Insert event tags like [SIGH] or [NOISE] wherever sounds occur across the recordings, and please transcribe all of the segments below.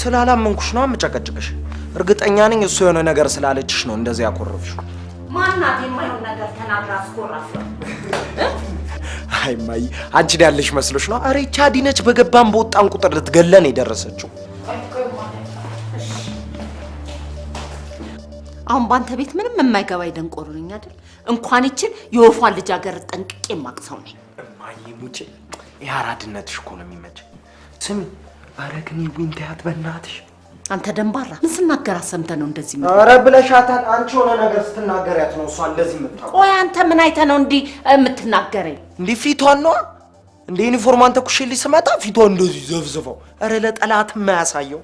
ስላላመንኩሽ ነው የምጨቀጭቅሽ። እርግጠኛ ነኝ እሱ የሆነ ነገር ስላለችሽ ነው እንደዚህ ያኮረፍሽ። ማናት የማይሆን ነገር ተናግራ አስኮራፍ። አይ እማዬ፣ አንቺ ያለሽ መስሎሽ ነው? አሬ ቻዲ ነች። በገባን በወጣን ቁጥር ልትገለን የደረሰችው። አሁን ባንተ ቤት ምንም የማይገባ ደንቆሮ ነኝ አይደል? እንኳን ይችል የወፏን ልጃገር ጠንቅቄ የማቅ ነኝ። እማዬ ሙቼ፣ የአራድነትሽ እኮ ነው የሚመጭ። ስሚ ኧረ ግን የዊን ተያት በእናትሽ። አንተ ደንባራ ምን ስናገር አሰምተ ነው እንደዚህ? ኧረ ብለሻታል። አንቺ የሆነ ነገር ስትናገሪያት ነው እሷ እንደዚህ የምታወራው። ቆይ አንተ ምን አይተ ነው እንዲህ የምትናገረኝ? እንዲህ ፊቷን ነዋ። እንደ ዩኒፎርም አንተ ኩሽሊ ስመጣ ፊቷ እንደዚህ ዘብዝበው። አረ ለጠላት ማያሳየው።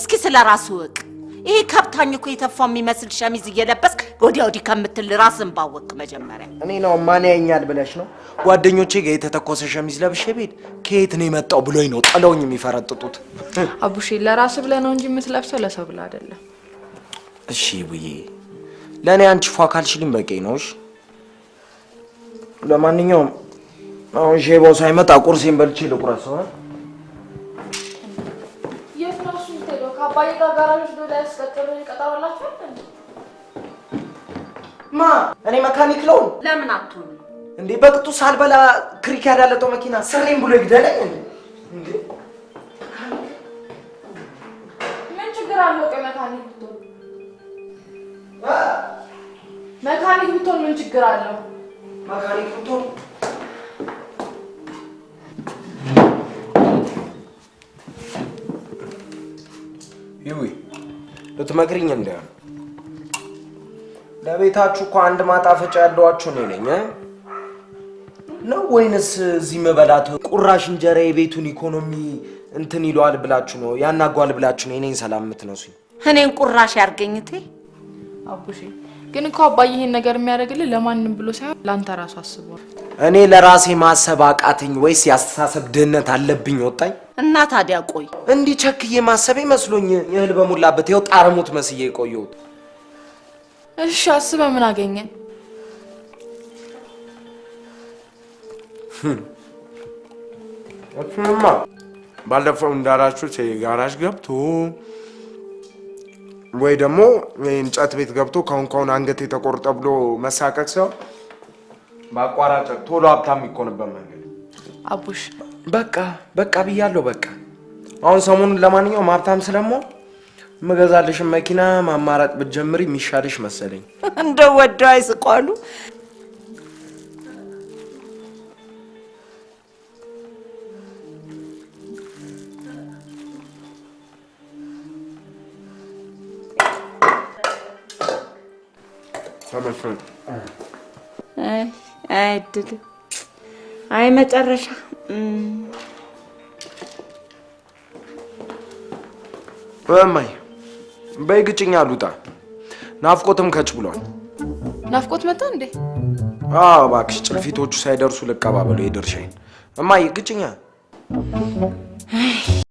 እስኪ ስለ ራሱ እቅ ይሄ ከብታኝ እኮ የተፋ የሚመስል ሸሚዝ እየለበስክ ወዲያ ወዲህ ከምትል ራስን ባወቅ መጀመሪያ። እኔ ነው ማን ያኛል ብለሽ ነው? ጓደኞቼ ጋር የተተኮሰ ሸሚዝ ለብሼ ቤት ከየት ነው የመጣው ብሎኝ ነው ጥለውኝ የሚፈረጥጡት። አቡሽ ለራስ ብለ ነው እንጂ የምትለብሰው ለሰው ብለ አይደለም። እሺ ብዬ ለእኔ አንቺ ፏ ካልሽልኝ በቂ እሺ፣ ለማንኛውም አሁን ሼባው ሳይመጣ ቁርሴን በልቼ ልቁረስ ሆነ የት ነው እሱ? አባዬ ጋር ጋራዦች ዶላ ያስቀጠሉ ይቀጣዋላችሁ ማ እኔ መካኒክ ለውን ለምን አትሆን እንዴ? በቅጡ ሳልበላ ክሪክ ያዳለጠው መኪና ስሬም ብሎ ይግደለኝ እንዴ? ምን ችግር አለው? ቆይ መካኒክ ብትሆን መካኒክ ብትሆን ምን ችግር አለው? መካኒክ ብትሆን ይዊ ልትመክሪኝ እንደ ለቤታችሁ እኮ አንድ ማጣፈጫ ያለዋችሁ እኔ ነኝ ነው ወይንስ እዚህ መበላት ቁራሽ እንጀራ የቤቱን ኢኮኖሚ እንትን ይለዋል ብላችሁ ነው ያናጓል ብላችሁ ነው እኔን ሰላም የምትነሱ? እኔን ቁራሽ ያርገኝቴ እቴ። አቡሽ ግን እኮ አባዬ ይሄን ነገር የሚያደርግልህ ለማንም ብሎ ሳይሆን ለአንተ ራሱ አስቦ። እኔ ለራሴ ማሰብ አቃተኝ ወይስ የአስተሳሰብ ድህነት አለብኝ ወጣኝ? እና ታዲያ ቆይ እንዲህ ቸክዬ ማሰቤ መስሎኝ እህል በሞላበት ይኸው ጣረሙት መስዬ የቆየሁት እሺ አስበህ ምን አገኘን? እሱንማ ባለፈው እንዳላችሁት ጋራጅ ገብቶ ወይ ደግሞ እንጨት ቤት ገብቶ ካሁን ካሁን አንገት የተቆርጠ ብሎ መሳቀቅ ሰው በአቋራጭ ቶሎ ሀብታም የሚኮንበት መንገድ አቡሽ በቃ በቃ ብያለሁ። በቃ አሁን ሰሞኑን ለማንኛውም ሀብታም ስለሞ ምገዛልሽን መኪና ማማራጥ ብትጀምሪ የሚሻልሽ መሰለኝ። [LAUGHS] እንደ ወደ አይስቋሉ። አይድል አይ መጨረሻ እማዬ በይግጭኛ ሉጣ ናፍቆትም ከች ብሏል። ናፍቆት መጣ እንዴ? አዎ እባክሽ፣ ጭልፊቶቹ ሳይደርሱ ልቀባበሉ የድርሻዬን። እማዬ ግጭኛ